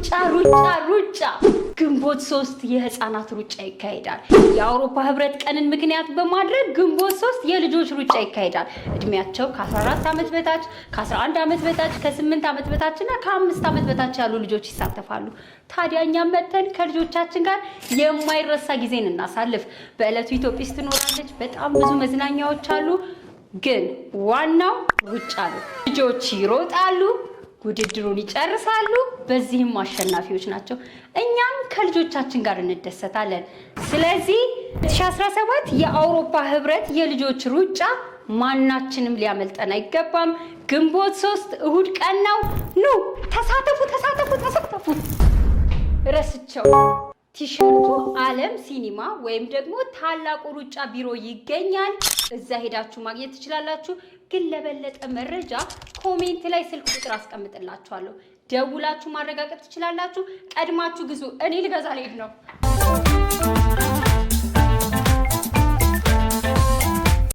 ሩጫ ሩጫ ሩጫ ግንቦት ሶስት የህፃናት ሩጫ ይካሄዳል። የአውሮፓ ህብረት ቀንን ምክንያት በማድረግ ግንቦት ሶስት የልጆች ሩጫ ይካሄዳል። እድሜያቸው ከ14 ዓመት በታች፣ ከ11 ዓመት በታች፣ ከ8 ዓመት በታች እና ከ5 ዓመት በታች ያሉ ልጆች ይሳተፋሉ። ታዲያ እኛም መጥተን ከልጆቻችን ጋር የማይረሳ ጊዜን እናሳልፍ። በዕለቱ ኢትዮጲስ ትኖራለች። በጣም ብዙ መዝናኛዎች አሉ፣ ግን ዋናው ሩጫ ነው። ልጆች ይሮጣሉ ውድድሩን ይጨርሳሉ። በዚህም አሸናፊዎች ናቸው። እኛም ከልጆቻችን ጋር እንደሰታለን። ስለዚህ 2017 የአውሮፓ ህብረት የልጆች ሩጫ ማናችንም ሊያመልጠን አይገባም። ግንቦት ሶስት እሁድ ቀን ነው። ኑ ተሳተፉ፣ ተሳተፉ፣ ተሳተፉ። ረስቸው ቲሸርቱ አለም ሲኒማ ወይም ደግሞ ታላቁ ሩጫ ቢሮ ይገኛል። እዛ ሄዳችሁ ማግኘት ትችላላችሁ። ግን ለበለጠ መረጃ ኮሜንት ላይ ስልክ ቁጥር አስቀምጥላችኋለሁ። ደውላችሁ ማረጋገጥ ትችላላችሁ። ቀድማችሁ ግዙ። እኔ ልገዛ ልሄድ ነው።